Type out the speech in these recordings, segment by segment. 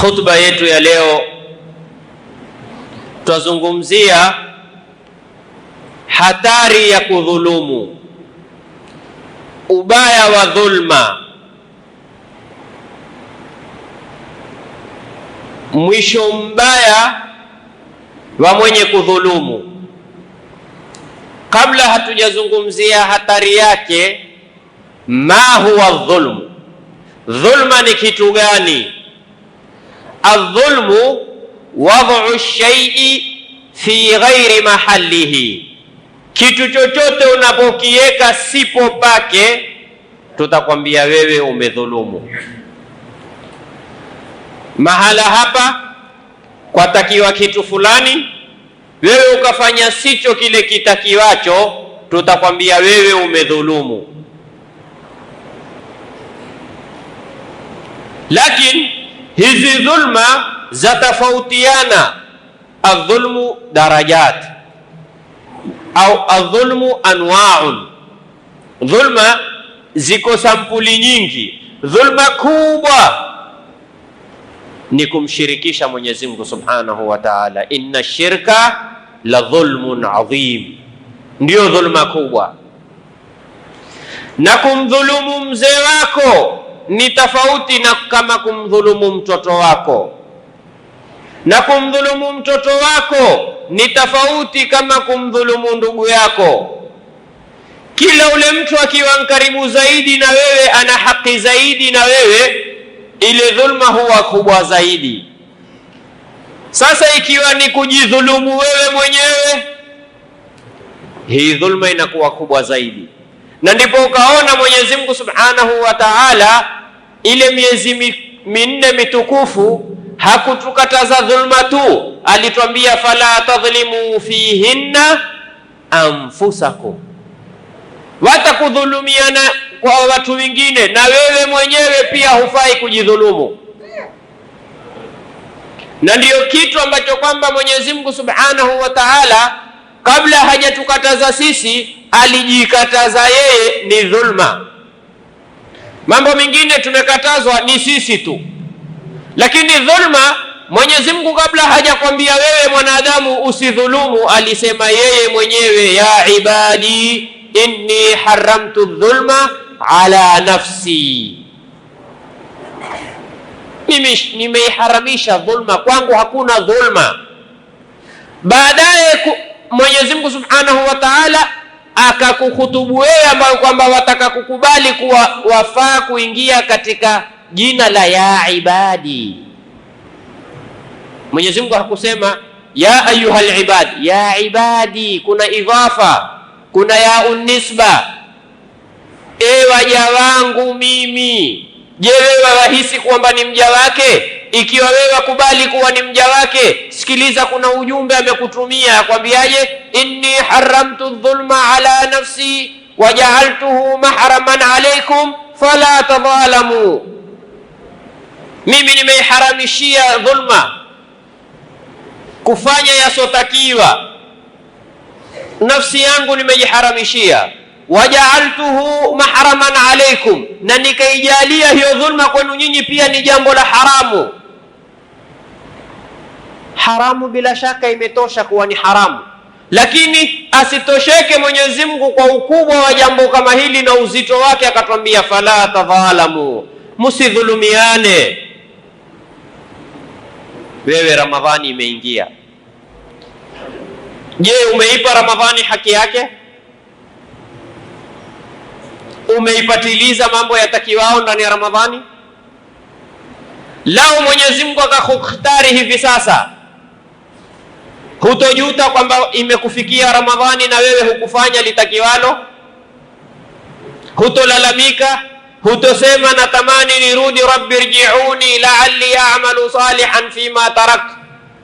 Khutba yetu ya leo twazungumzia hatari ya kudhulumu, ubaya wa dhulma, mwisho mbaya wa mwenye kudhulumu. Kabla hatujazungumzia hatari yake, ma huwa dhulmu, dhulma ni kitu gani? Aldhulmu wad'u shaii fi ghairi mahalihi, kitu chochote unapokiweka sipo pake, tutakwambia wewe umedhulumu. Mahala hapa kwatakiwa kitu fulani, wewe ukafanya sicho kile kitakiwacho, tutakwambia wewe umedhulumu, lakini hizi dhulma zatafautiana. adhulmu darajat au adhulmu anwaun, dhulma ziko sampuli nyingi. Dhulma kubwa ni kumshirikisha Mwenyezi Mungu Subhanahu wa Ta'ala, inna shirka la dhulmun adhim, ndiyo dhulma kubwa. Na kumdhulumu mzee wako ni tofauti na kama kumdhulumu mtoto wako, na kumdhulumu mtoto wako ni tofauti kama kumdhulumu ndugu yako. Kila ule mtu akiwa nkaribu zaidi na wewe, ana haki zaidi na wewe, ile dhulma huwa kubwa zaidi. Sasa ikiwa ni kujidhulumu wewe mwenyewe, hii dhulma inakuwa kubwa zaidi, na ndipo ukaona Mwenyezi Mungu Subhanahu wa Ta'ala ile miezi minne mitukufu hakutukataza dhulma tu, alitwambia fala tadhlimu fihinna anfusakum, watakudhulumiana kwa watu wengine, na wewe mwenyewe pia hufai kujidhulumu. Na ndiyo kitu ambacho kwamba Mwenyezi Mungu Subhanahu wa Ta'ala kabla hajatukataza sisi, alijikataza yeye ni dhulma Mambo mengine tumekatazwa ni sisi tu, lakini dhulma, Mwenyezi Mungu kabla hajakwambia wewe mwanadamu usidhulumu, alisema yeye mwenyewe, ya ibadi inni haramtu dhulma ala nafsi, nimeiharamisha dhulma kwangu, hakuna dhulma. Baadaye Mwenyezi Mungu Subhanahu wa Ta'ala akakuhutubu wewe ambayo kwamba wataka kukubali kuwa wafaa kuingia katika jina la ya ibadi. Mwenyezi Mungu hakusema ya ayuhal ibad, ya ibadi, kuna idhafa, kuna ya unisba, e waja wangu mimi. Je, wewe wahisi kwamba ni mja wake? Ikiwa wewe akubali kuwa ni mja wake, sikiliza, kuna ujumbe amekutumia akwambiaje? inni haramtu dhulma ala nafsi wajaaltuhu mahraman alaikum fala tadhalamu, mimi nimeiharamishia dhulma, kufanya yasotakiwa, nafsi yangu nimejiharamishia wajaaltuhu mahraman alaikum, na nikaijalia hiyo dhulma kwenu nyinyi pia ni jambo la haramu. Haramu bila shaka imetosha kuwa ni haramu, lakini asitosheke Mwenyezi Mungu kwa ukubwa wa jambo kama hili na uzito wake, akatwambia fala tadhalamu, msidhulumiane. Wewe Ramadhani imeingia, je, umeipa Ramadhani haki yake? Umeipatiliza mambo yatakiwao ndani ya Ramadhani? lao Mwenyezi Mungu akakukhtari hivi sasa Hutojuta kwamba imekufikia Ramadhani na wewe hukufanya litakiwalo, hutolalamika, hutosema na tamani nirudi, rabbi rjiuni laali a'malu salihan fima tarak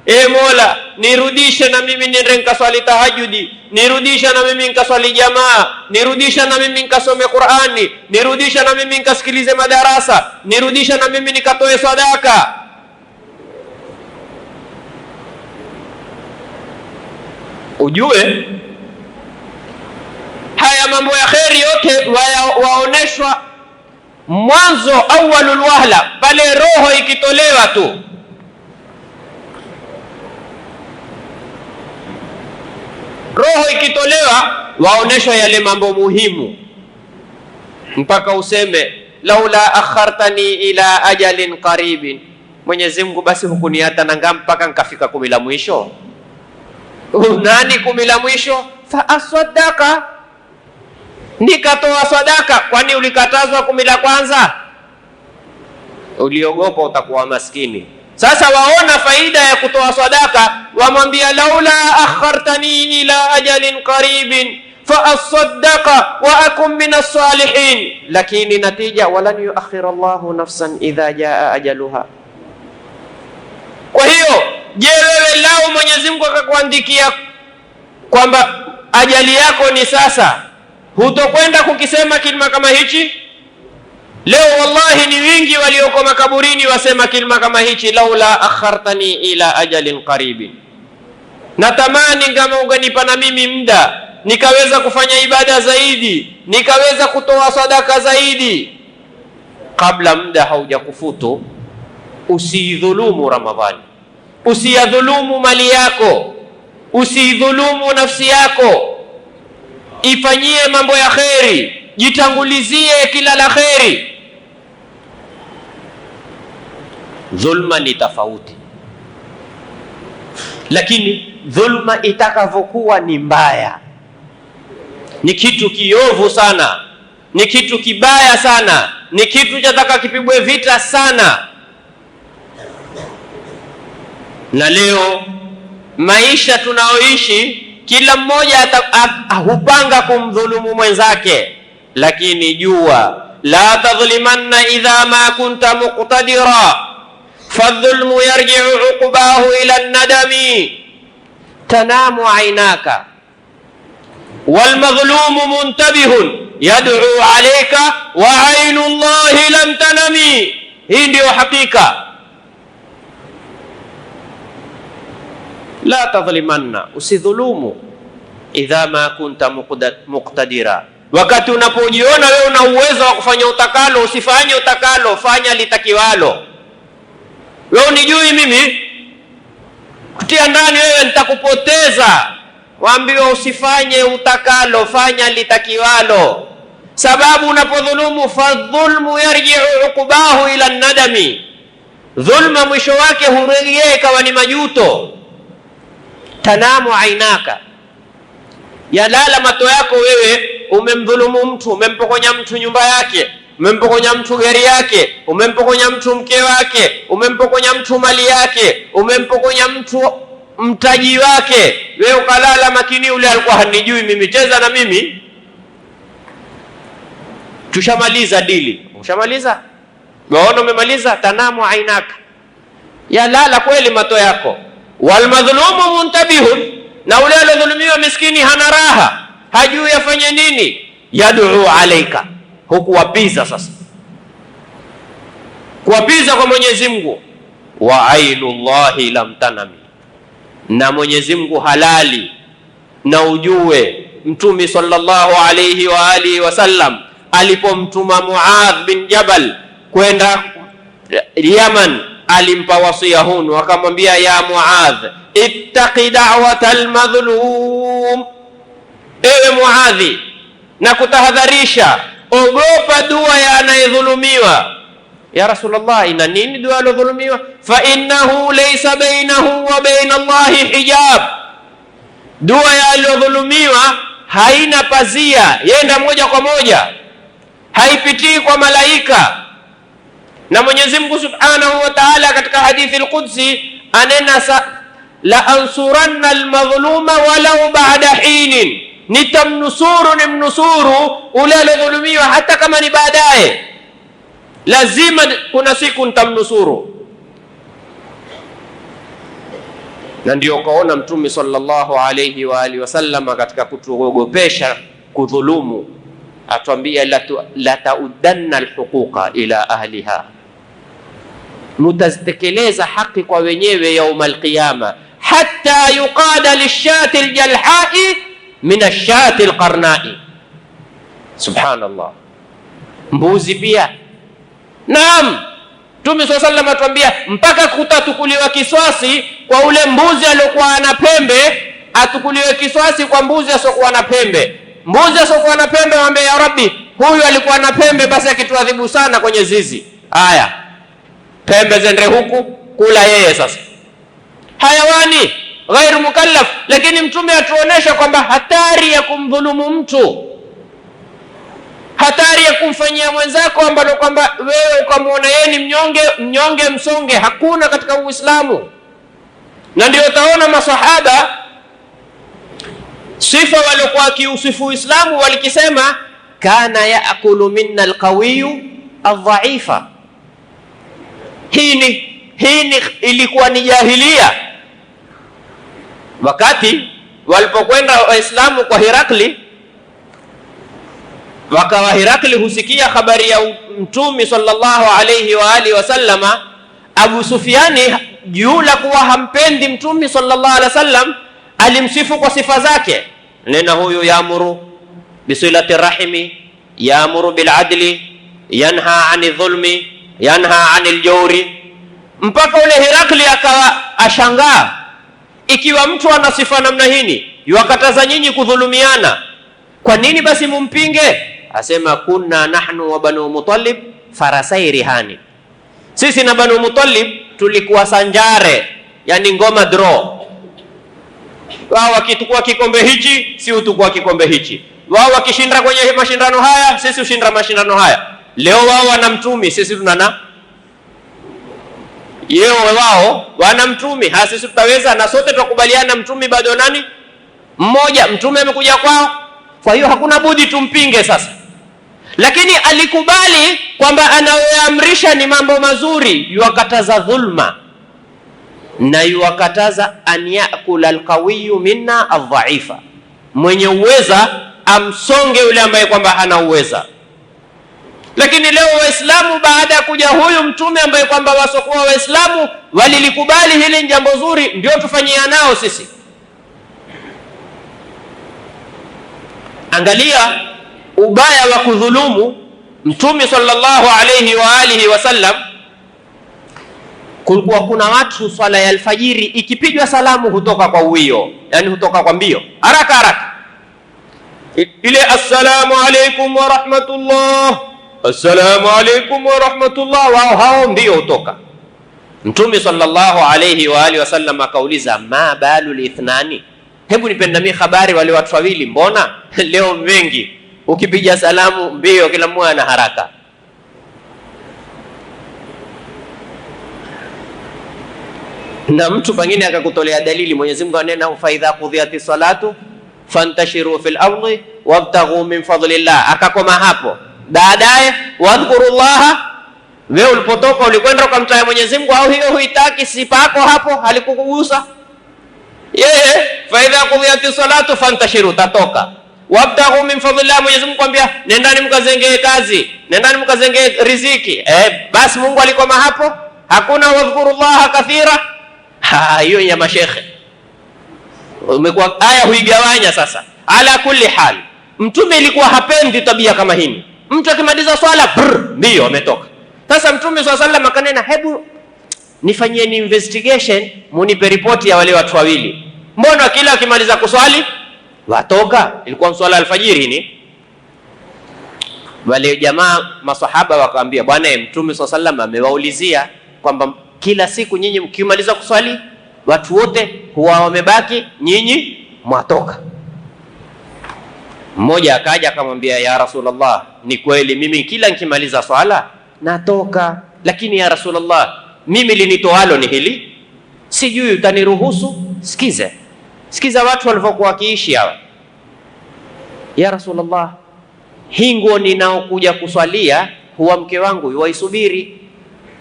E Mola, nirudishe na mimi nire nkaswali tahajudi, nirudisha na mimi nikaswali jamaa, nirudisha na mimi nkasome Qur'ani, nirudisha na mimi nkasikilize madarasa, nirudisha na mimi nikatoe sadaka. ujue haya mambo ya kheri yote waonyeshwa waoneshwa mwanzo awalulwahla pale roho ikitolewa tu. Roho ikitolewa waoneshwa yale mambo muhimu, mpaka useme laula akhartani ila ajalin qaribin, Mwenyezi Mungu basi hukuniata nanga mpaka nkafika kumi la mwisho nani? Kumi la mwisho, fa nikatoa sadaka. Kwani ulikatazwa kumi la kwanza? Uliogopa utakuwa maskini. Sasa waona faida ya kutoa sadaka, wamwambia laula akhartani ila ajalin qaribin faasadaka asaddaqa wa akun min as-salihin, lakini natija walan yuakhir Allahu nafsan idha jaa ajaluha. Kwa hiyo Je, wewe lau Mwenyezi Mungu akakuandikia kwamba ajali yako ni sasa, hutokwenda kukisema kilima kama hichi? Leo wallahi, ni wingi walioko makaburini wasema kilima kama hichi, laula akhartani ila ajalin qaribin, natamani kama unganipa na mimi muda nikaweza kufanya ibada zaidi, nikaweza kutoa sadaka zaidi, kabla muda haujakufutu. Usidhulumu Ramadhani usiyadhulumu mali yako, usidhulumu nafsi yako, ifanyie mambo ya kheri, jitangulizie kila la kheri. Dhulma ni tofauti, lakini dhulma itakavyokuwa ni mbaya, ni kitu kiovu sana, ni kitu kibaya sana, ni kitu chataka kipigwe vita sana Na leo maisha tunaoishi kila mmoja hupanga kumdhulumu mwenzake, lakini jua la tadhlimanna idha ma kunta muqtadira fadhulmu yarji'u uqbahu ila nadami tanamu aynaka walmadhlumu muntabihun yad'u alayka wa aynu llahi lam tanami. Hii ndiyo hakika la tadhlimanna, usidhulumu. Idha ma kunta muqtadira, wakati unapojiona wewe una uwezo wa kufanya utakalo, usifanye utakalo, fanya litakiwalo. Wewe unijui mimi, kutia ndani wewe, nitakupoteza. Waambiwa usifanye utakalo, fanya litakiwalo, sababu unapodhulumu, fadhulmu yarjiu uqbahu ila nadami, dhulma mwisho wake hurejea ikawa ni majuto tanamu ainaka, yalala mato yako wewe. Umemdhulumu mtu, umempokonya mtu nyumba yake, umempokonya mtu gari yake, umempokonya mtu mke wake, umempokonya mtu mali yake, umempokonya mtu mtaji wake, wewe ukalala makini. Ule alikuwa hanijui mimi, cheza na mimi, tushamaliza dili. Ushamaliza, waona umemaliza. Tanamu ainaka, yalala kweli mato yako walmadhlumu muntabihun, na ule aliodhulumiwa miskini hana raha, hajui afanye nini. Yaduu alaika, hukuwapiza sasa, kuwapiza kwa Mwenyezi Mungu. Wa ainu llahi lam tanami, na Mwenyezi Mungu halali, na ujue Mtume sallallahu alayhi wa alihi wasallam alipomtuma Muadh bin Jabal kwenda Yaman alimpa wasia hunu, akamwambia ya Muadh, ittaqi da'wata almadhlum, ewe Muadhi, na kutahadharisha, ogopa dua ya anayedhulumiwa. Ya Rasulullah, ina nini dua alodhulumiwa? fa innahu laysa bainahu wa bain allah hijab, dua ya alodhulumiwa haina pazia, yenda moja kwa moja, haipitii kwa malaika na Mwenyezi Mungu Subhanahu wa Ta'ala katika hadithi al-Qudsi anena sa la ansuranna al-madhluma walau ba'da hinin, nitamnusuru nimnusuru ule aliyodhulumiwa hata kama ni baadaye, lazima kuna siku nitamnusuru. Na ndio kaona Mtume sallallahu alayhi wa alihi wasallam katika kutuogopesha kudhulumu, atwambia lataudanna lhuquqa ila ahliha mutazitekeleza haki kwa wenyewe yauma alqiyama, hatta yuqada lishati ljalhai min ashati lqarnai. Subhanallah, mbuzi pia. Naam, Mtume swalla sallam atuambia mpaka kutatukuliwa kiswasi kwa ule mbuzi aliyokuwa ana pembe, atukuliwe kiswasi kwa mbuzi asiokuwa na pembe. Mbuzi asiokuwa na pembe, waambia ya Rabbi, huyu alikuwa na pembe, basi akituadhibu sana kwenye zizi. Haya, pembe zende huku kula yeye sasa. Hayawani ghairu mukallaf, lakini Mtume atuonesha kwamba hatari ya kumdhulumu mtu, hatari ya kumfanyia mwenzako ambalo kwamba wewe ukamwona yeye ni mnyonge, mnyonge msonge, hakuna katika Uislamu. Na ndio utaona masahaba sifa waliokuwa wakiusifu Uislamu walikisema, kana yaakulu minna alqawiyu aldhaifa hii ni hii ni ilikuwa ni jahilia, wakati walipokwenda Waislamu kwa Herakli, wakawa Herakli husikia habari ya Mtume sallallahu alayhi wa alihi wasallama. Abu Sufiani juu la kuwa hampendi Mtume sallallahu alayhi wasallam, alimsifu kwa sifa zake, nena huyu yaamuru bisilati rahimi, yaamuru biladli, yanha ani dhulmi yanha anil jawri, mpaka ule Herakli akawa ashangaa, ikiwa mtu ana sifa namna hini, yuwakataza nyinyi kudhulumiana, kwa nini basi mumpinge? Asema kunna nahnu wa banu mutallib farasai rihani, sisi na Banu mutallib tulikuwa sanjare, yani ngoma draw. Wao wakitukua kikombe hichi, si utukua kikombe hichi. Wao wakishinda kwenye mashindano haya, sisi ushinda mashindano haya Leo wao wana mtumi, sisi tunana yeo, wao wana mtumi, ha sisi tutaweza? Na sote tutakubaliana mtumi bado nani mmoja, mtume amekuja kwao. Kwa hiyo hakuna budi tumpinge sasa, lakini alikubali kwamba anayoamrisha ni mambo mazuri, yuwakataza dhulma na yuwakataza an yakula alqawiyu minna aldhaifa, mwenye uweza amsonge yule ambaye kwamba hana uweza. Lakini leo Waislamu baada ya kuja huyu mtume ambaye kwamba wasokuwa Waislamu walilikubali hili ni jambo zuri, ndio tufanyia nao sisi. Angalia ubaya wa kudhulumu mtume sallallahu alayhi wa alihi wasallam. Kulikuwa kuna watu swala ya alfajiri ikipigwa salamu hutoka kwa uwio, yani hutoka kwa mbio haraka haraka, ile assalamu alaykum wa rahmatullah assalamu alaikum warahmatullah, wao hao ndio hutoka. Mtume sallallahu alayhi wa alihi wasallam akauliza, ma balu lithnani, hebu nipendamie habari wale watu wawili, mbona leo wengi ukipiga salamu mbio, kila mmoja ana haraka. Na mtu pengine akakutolea dalili, Mwenyezi Mungu anena fa idha salatu fantashiru fi lardi wabtaghu min fadlillah, akakoma hapo Baadaye wadhkurullaha, wewe ulipotoka ulikwenda ukamtaya Mwenyezi Mungu, au hiyo huitaki sipako hapo, halikukugusa yeye. Fa idha qudiyati salatu fantashiru, tatoka wabtaghu min fadlillah. Mwenyezi Mungu kwambia nendani mkazengee kazi, nendani mkazengee riziki. Eh, basi Mungu alikoma hapo, hakuna wadhkurullaha kathira. Hiyo ya mashekhe umekuwa aya huigawanya sasa. Ala kulli hal, mtume ilikuwa hapendi tabia kama hii Mtu akimaliza swala ndio ametoka. Sasa Mtume swalla sallam akanena, hebu nifanyieni investigation, munipe ripoti ya wale watu wawili, mbona kila akimaliza kuswali watoka? Ilikuwa swala alfajiri ni wale jamaa masahaba wakaambia, bwana Mtume swalla sallam amewaulizia kwamba kila siku nyinyi mkimaliza kuswali watu wote huwa wamebaki, nyinyi mwatoka. Mmoja akaja akamwambia, ya Rasulullah ni kweli mimi kila nikimaliza swala natoka, lakini ya Rasulullah, mimi linitoalo ni hili, sijui utaniruhusu. Sikize, sikiza watu walivyokuwa wakiishi hawa. Ya Rasulullah, hii nguo ninaokuja kuswalia huwa mke wangu yuwaisubiri,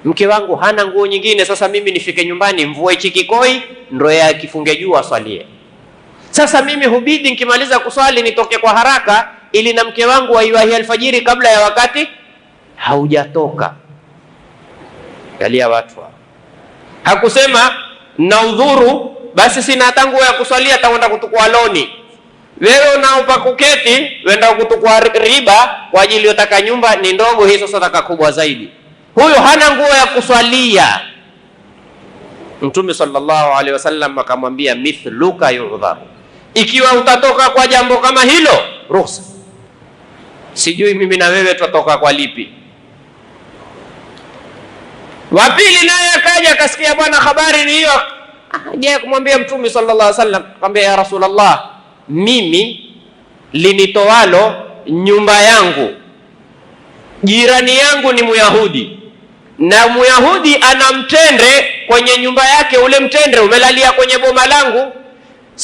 mke wangu hana nguo nyingine. Sasa mimi nifike nyumbani mvue chikikoi kikoi akifunge juu aswalie. Sasa mimi hubidi nikimaliza kuswali nitoke kwa haraka ili na mke wangu waiwahi alfajiri kabla ya wakati haujatoka. Angalia watu hao, hakusema na udhuru basi sina tangu ya kuswalia taenda kutukua loni. Wewe unaopa kuketi wenda kutukua riba kwa ajili yotaka nyumba ni ndogo hii, sasa taka kubwa zaidi. Huyo hana nguo ya kuswalia. Mtume sallallahu alaihi wasallam akamwambia mithluka yudharu, ikiwa utatoka kwa jambo kama hilo ruhusa sijui mimi na wewe twatoka kwa lipi. Wa pili naye akaja akasikia, bwana, habari ni hiyo. Akaja kumwambia Mtume sallallahu alaihi wasallam, akamwambia ya Rasulullah, mimi linitowalo nyumba yangu jirani yangu ni Muyahudi na myahudi ana mtende kwenye nyumba yake, ule mtende umelalia kwenye boma langu,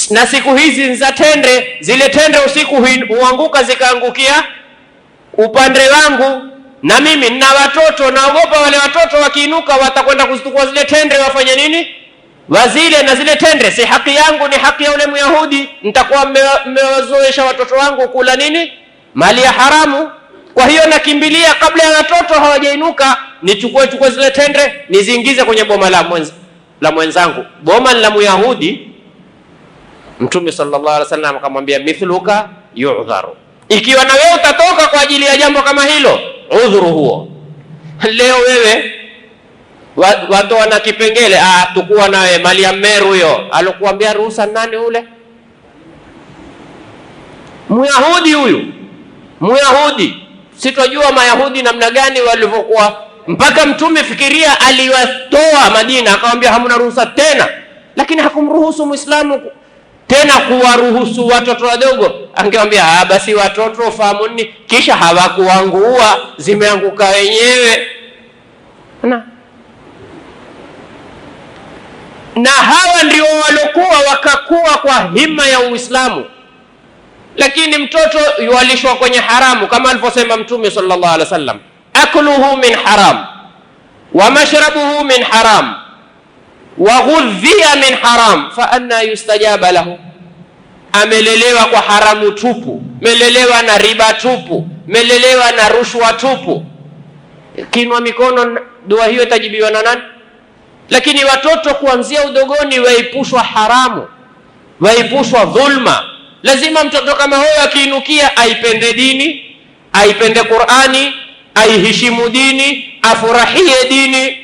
na siku hizi nza tende, zile tende usiku huanguka zikaangukia upande wangu na mimi nina watoto, naogopa wale watoto wakiinuka watakwenda kuzitukua zile tendre wafanye nini? Wazile na zile tendre si haki yangu, ni haki ya ule Myahudi. Nitakuwa mmewazoesha watoto wangu kula nini? Mali ya haramu. Kwa hiyo nakimbilia kabla ya watoto hawajainuka, nichukue chukue zile tendre niziingize kwenye boma la mwenza la mwenzangu. Boma la Myahudi, Mtume sallallahu alaihi wasallam akamwambia mithluka yu'dharu ikiwa na wewe utatoka kwa ajili ya jambo kama hilo, udhuru huo. Leo wewe watu wana kipengele, ah, tukuwa nawe mali ya Meru huyo alikuambia ruhusa nani? Ule Myahudi huyu Myahudi, sitojua Mayahudi namna gani walivyokuwa, mpaka Mtume fikiria, aliwatoa Madina, akamwambia hamna ruhusa tena, lakini hakumruhusu Muislamu tena kuwaruhusu watoto wadogo. Angewambia ah, basi watoto fahamuni, kisha hawakuangua zimeanguka wenyewe na na hawa ndio walokuwa wakakuwa kwa hima ya Uislamu, lakini mtoto yualishwa kwenye haramu, kama alivyosema Mtume sallallahu alaihi wasallam, akluhu min haram wa mashrabuhu min haram wa ghudhiya min haram fa anna yustajaba lahu, amelelewa kwa haramu tupu, melelewa na riba tupu, melelewa na rushwa tupu, kinwa mikono, dua hiyo itajibiwa na nani? Lakini watoto kuanzia udogoni waepushwa haramu, waepushwa dhulma. Lazima mtoto kama huyo akiinukia, aipende dini, aipende Qur'ani, aiheshimu dini, afurahie dini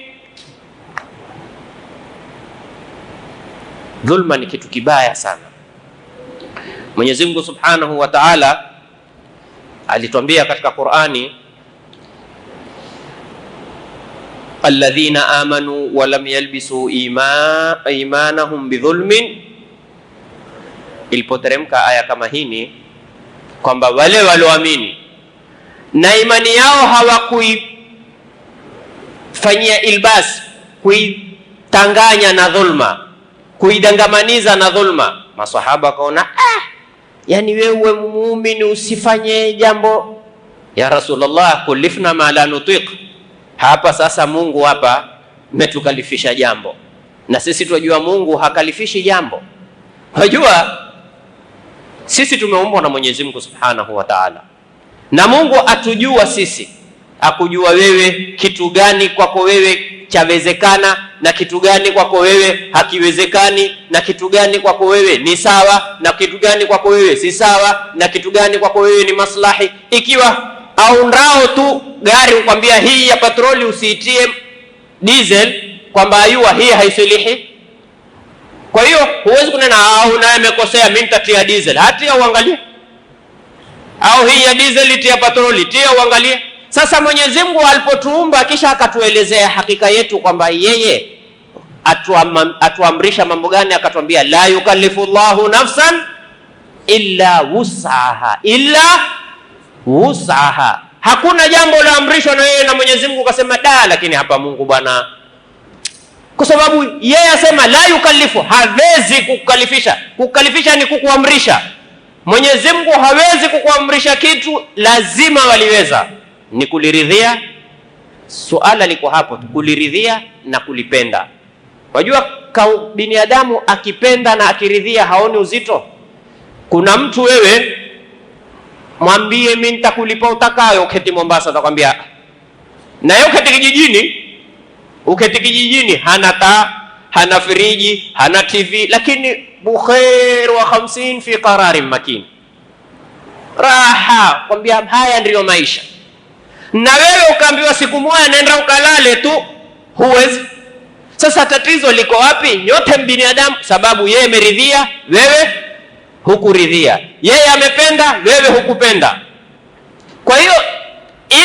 Dhulma ni kitu kibaya sana. Mwenyezi Mungu Subhanahu wa Ta'ala alituambia katika Qur'ani, alladhina amanu wa lam yalbisu ima, imanahum bidhulmin. Ilipoteremka aya kama hini, kwamba wale walioamini na imani yao hawakuifanyia ilbas, kuitanganya na dhulma kuidangamaniza na dhulma. Maswahaba wakaona ah, yani wewe muumini usifanye jambo ya Rasulullah, kulifna ma la nutiq. Hapa sasa Mungu hapa metukalifisha jambo, na sisi tunajua Mungu hakalifishi jambo. Unajua sisi tumeumbwa na Mwenyezi Mungu Subhanahu wa Ta'ala, na Mungu atujua sisi, akujua wewe kitu gani kwako wewe chawezekana na kitu gani kwako wewe hakiwezekani, na kitu gani kwako wewe ni sawa, na kitu gani kwako wewe si sawa, na kitu gani kwako wewe ni maslahi. Ikiwa au ndao tu gari ukwambia hii ya patroli usiitie diesel, kwamba ayua hii haisilihi. Kwa hiyo huwezi kunena au naye amekosea, mimi diesel. Hatia uangalie, au hii ya diesel itia patroli, tia uangalie sasa Mwenyezi Mungu alipotuumba kisha akatuelezea hakika yetu kwamba yeye atuamrisha mambo gani, akatwambia la yukallifu llahu nafsan illa wusaha illa wusaha. Hakuna jambo laamrishwa na yeye na Mwenyezi Mungu kasema da, lakini hapa Mungu bwana, kwa sababu yeye asema la yukallifu, hawezi kukalifisha. Kukalifisha ni kukuamrisha. Mwenyezi Mungu hawezi kukuamrisha kitu, lazima waliweza ni kuliridhia. Suala liko hapo, kuliridhia na kulipenda. Wajua binadamu akipenda na akiridhia haoni uzito. Kuna mtu wewe mwambie mimi nitakulipa utakayo, uketi Mombasa, atakwambia na yeye. Uketi kijijini, uketi kijijini, hana taa, hana friji hana TV, lakini bukhair wa hamsini fi qararin makin raha, kwambia haya ndiyo maisha na wewe ukaambiwa siku moja nenda ukalale tu, huwezi. Sasa tatizo liko wapi? Nyote mbinadamu, sababu yeye ameridhia, wewe hukuridhia, yeye amependa, wewe hukupenda. Kwa hiyo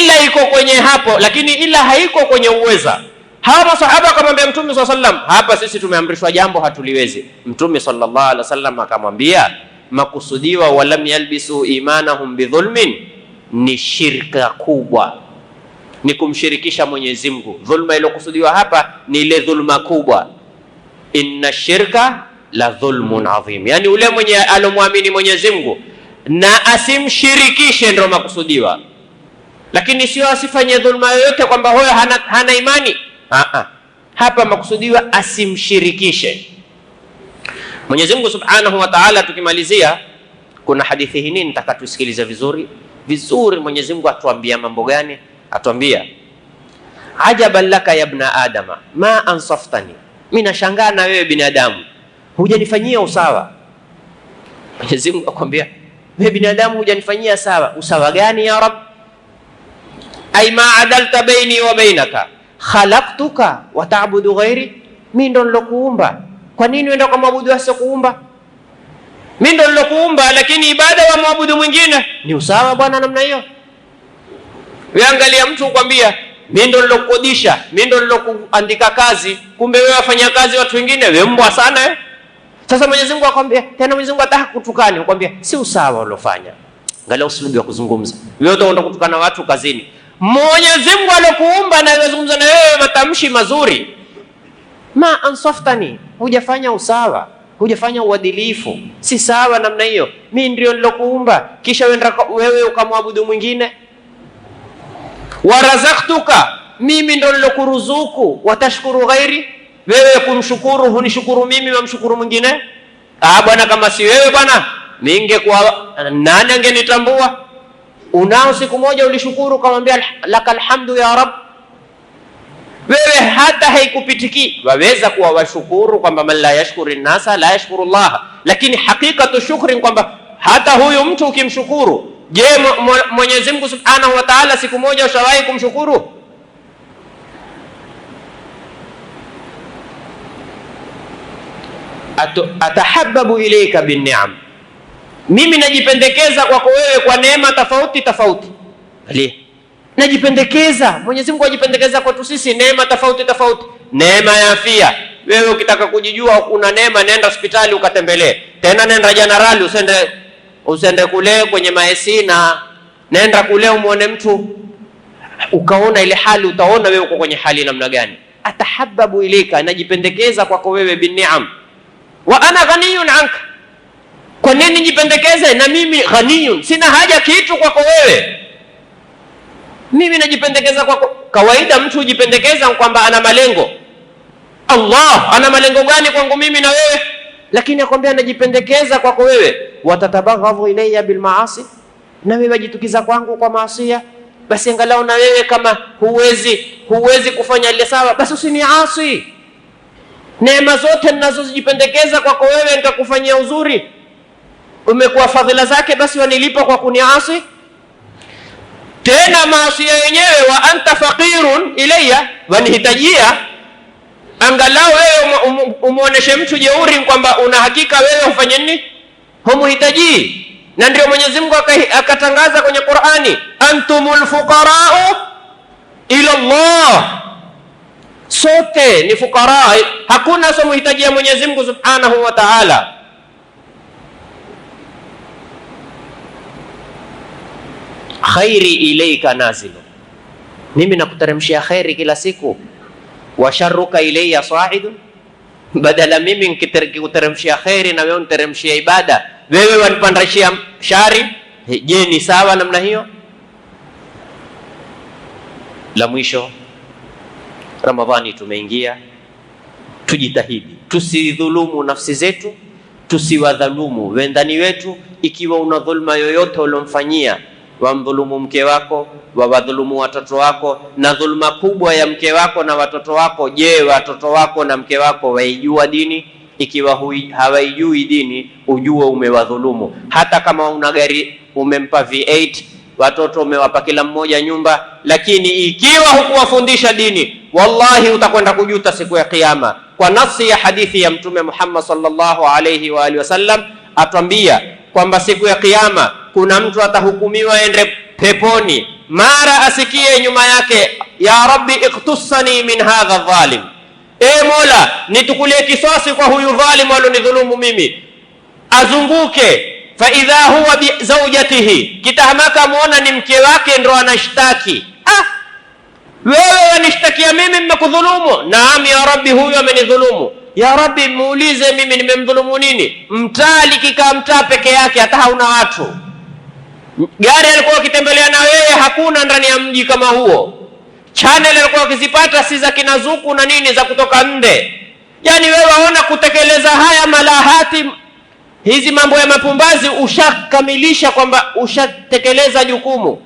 ila iko kwenye hapo, lakini ila haiko kwenye uweza. Hawa masahaba akamwambia Mtume swalla sallam, hapa sisi tumeamrishwa jambo hatuliwezi. Mtume sallallahu alaihi wasallam akamwambia makusudiwa, walam yalbisu imanahum bidhulmin ni shirka kubwa, ni kumshirikisha Mwenyezi Mungu. Dhulma iliyokusudiwa hapa ni ile dhulma kubwa, inna shirka la dhulmun adhim, yani ule mwenye alomwamini Mwenyezi Mungu na asimshirikishe, ndio makusudiwa, lakini sio asifanye dhulma yoyote, kwamba huyo hana, hana imani Aa, hapa makusudiwa asimshirikishe Mwenyezi Mungu Subhanahu wa Ta'ala. Tukimalizia, kuna hadithi hii nini, tusikilize vizuri vizuri Mwenyezi Mungu atuambia mambo gani? Atuambia, ajaban laka ya ibn adama ma ansaftani, mimi nashangaa na wewe binadamu, hujanifanyia usawa. Mwenyezi Mungu akwambia wewe binadamu, hujanifanyia sawa. Usawa gani ya Rabb? Ai ma adalta baini wa bainaka khalaqtuka wa ta'budu ghairi, mimi ndo nilokuumba, kwa nini uenda kwa mwabudu asiyokuumba? mimi ndo nilokuumba, lakini ibada wa mwabudu mwingine ni usawa bwana namna hiyo. Weangalia mtu ukwambia mimi ndo nilokukodisha, mimi ndo nilokuandika kazi, kumbe wewe wafanya kazi watu wengine, wewe mbwa sana eh? Sasa Mwenyezi Mungu akwambia tena, Mwenyezi Mungu ataka kutukani akwambia si usawa uliofanya Angalia usulubi wa kuzungumza. Wewe utaenda kutukana watu kazini, Mwenyezi Mungu alokuumba na anazungumza na wewe matamshi mazuri, ma ansoftani hujafanya usawa hujafanya uadilifu, si sawa namna hiyo. Mi ndio nilokuumba, kisha wewe ukamwabudu mwingine. Warazaktuka, mimi ndio nilokuruzuku. Watashkuru ghairi, wewe kumshukuru, hunishukuru mimi, wamshukuru mwingine. Ah bwana, kama si wewe bwana, ningekuwa nani angenitambua? Unao siku moja ulishukuru, ukamwambia laka alhamdu ya Rabb wewe hata haikupitikii, waweza kuwa washukuru kwamba man la yashkuru nnasa la yashkuru llaha, lakini hakikatu shukri kwamba hata huyu mtu ukimshukuru, je, Mwenyezi Mungu subhanahu wa taala siku moja ushawahi kumshukuru? atahababu ilaika binniam, mimi najipendekeza kwako wewe kwa neema tofauti tofauti najipendekeza. Mwenyezi Mungu ajipendekeza kwetu sisi neema tofauti tofauti, neema ya afya. Wewe ukitaka kujijua kuna neema, nenda hospitali ukatembelee, tena nenda janarali, usende usende kule kwenye maesina, nenda kule umwone mtu ukaona ile hali, utaona wewe uko kwenye hali namna gani. Atahababu ilika, najipendekeza kwako wewe, biniam wa ana ghaniyun anka. Kwa nini nijipendekeze na mimi ghaniyun, sina haja kitu kwako wewe mimi najipendekeza kwako. Kawaida mtu hujipendekeza kwamba ana malengo. Allah ana malengo gani kwangu mimi na wewe? Lakini akwambia anajipendekeza kwako wewe, watatabaghadhu ilayya bil maasi, na mimi najitukiza kwangu kwa maasi. Basi angalau na wewe kama huwezi huwezi kufanya ile sawa, basi usiniasi. Neema zote ninazozijipendekeza kwako wewe nitakufanyia uzuri, umekuwa fadhila zake, basi wanilipa kwa kuniasi tena maasi yenyewe, wa anta faqirun ilayya, wanihitajia. Angalau wewe umuoneshe mtu jeuri kwamba una hakika wewe ufanye nini, humhitajii. Na ndio Mwenyezi Mungu akatangaza kwenye Qur'ani, antumul fuqara'u ila Allah, sote ni fuqara, hakuna somhitajia Mwenyezi Mungu subhanahu wa ta'ala. khairi ilaika nazilu, mimi nakuteremshia khairi kila siku. Wa sharruka ilayya sa'idu, badala mimi nikikuteremshia khairi na wewe unteremshia ibada, wewe wanipandishia shari. Je, ni sawa namna hiyo? La mwisho, Ramadhani tumeingia, tujitahidi tusidhulumu nafsi zetu, tusiwadhalumu wendani wetu. Ikiwa una dhulma yoyote uliomfanyia wamdhulumu mke wako, wawadhulumu watoto wako. Na dhuluma kubwa ya mke wako na watoto wako, je, watoto wako na mke wako waijua dini? Ikiwa hawaijui dini, ujue umewadhulumu. Hata kama una gari umempa V8, watoto umewapa kila mmoja nyumba, lakini ikiwa hukuwafundisha dini, wallahi utakwenda kujuta siku ya Kiyama. Kwa nafsi ya hadithi ya Mtume Muhammad sallallahu alayhi wa alihi wasallam, atwambia kwamba siku ya Kiyama kuna mtu atahukumiwa ende peponi, mara asikie nyuma yake, ya rabbi iktusani min hadha dhalim, e Mola, nitukulie kisasi kwa huyu dhalimu alionidhulumu mimi. Azunguke fa idha huwa bi zawjatihi, kitahamaka muona ni mke wake ndo anashtaki. Ah, wewe wanishtakia mimi, mmekudhulumu. Naam ya rabbi, huyu amenidhulumu ya Rabbi, muulize mimi nimemdhulumu nini? Mtaa likikaa mtaa peke yake, hata hauna watu Gari alikuwa akitembelea na wewe hakuna ndani ya mji kama huo. Channel alikuwa akizipata si za kinazuku na nini za kutoka nde. Yaani wewe waona kutekeleza haya malahati hizi mambo ya mapumbazi, ushakamilisha kwamba ushatekeleza jukumu.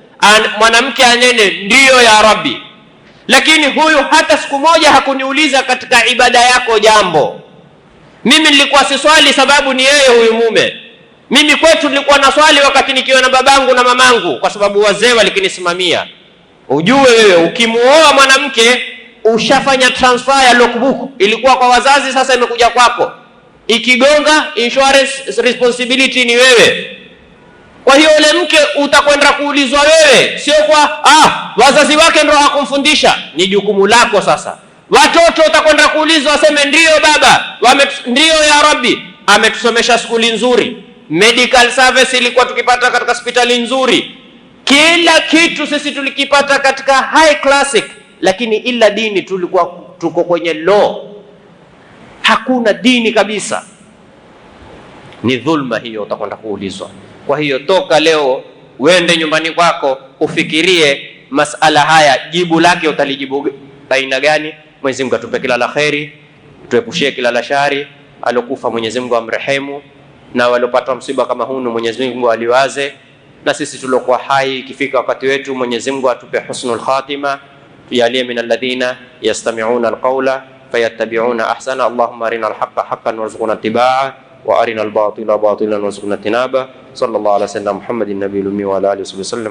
Mwanamke anene ndiyo ya Rabbi, lakini huyu hata siku moja hakuniuliza katika ibada yako jambo. Mimi nilikuwa siswali sababu ni yeye huyu mume mimi kwetu nilikuwa naswali wakati nikiwa na babangu na mamangu, kwa sababu wazee walikinisimamia. Ujue wewe ukimuoa mwanamke ushafanya transfer ya logbook, ilikuwa kwa wazazi, sasa imekuja kwako. Ikigonga insurance responsibility ni wewe. Kwa hiyo ule mke utakwenda kuulizwa wewe, sio kwa ah, wazazi wake ndio hawakumfundisha. Ni jukumu lako sasa. Watoto utakwenda kuulizwa, waseme ndio baba, ndio ya Rabbi ametusomesha skuli nzuri medical service ilikuwa tukipata katika hospitali nzuri, kila kitu sisi tulikipata katika high classic, lakini ila dini tulikuwa tuko kwenye low, hakuna dini kabisa. Ni dhulma hiyo, utakwenda kuulizwa. Kwa hiyo toka leo uende nyumbani kwako ufikirie masala haya, jibu lake utalijibu aina gani? Mwenyezi Mungu atupe kila la kheri, tuepushie kila la shari. Alokufa Mwenyezi Mungu amrehemu. na waliopata msiba kama huu, Mwenyezi Mungu aliwaze, na sisi tuliokuwa hai ikifika wakati wetu, Mwenyezi Mungu atupe husnul khatima, tujalie min alladhina yastami'una alqawla fayattabi'una ahsana. Allahumma arina alhaqqa haqqan warzuqna ittiba'ah wa arina albatila batilan warzuqna tinaba. Sallallahu alaihi wasallam Muhammadin nabiyil ummi wa ala alihi wasallam.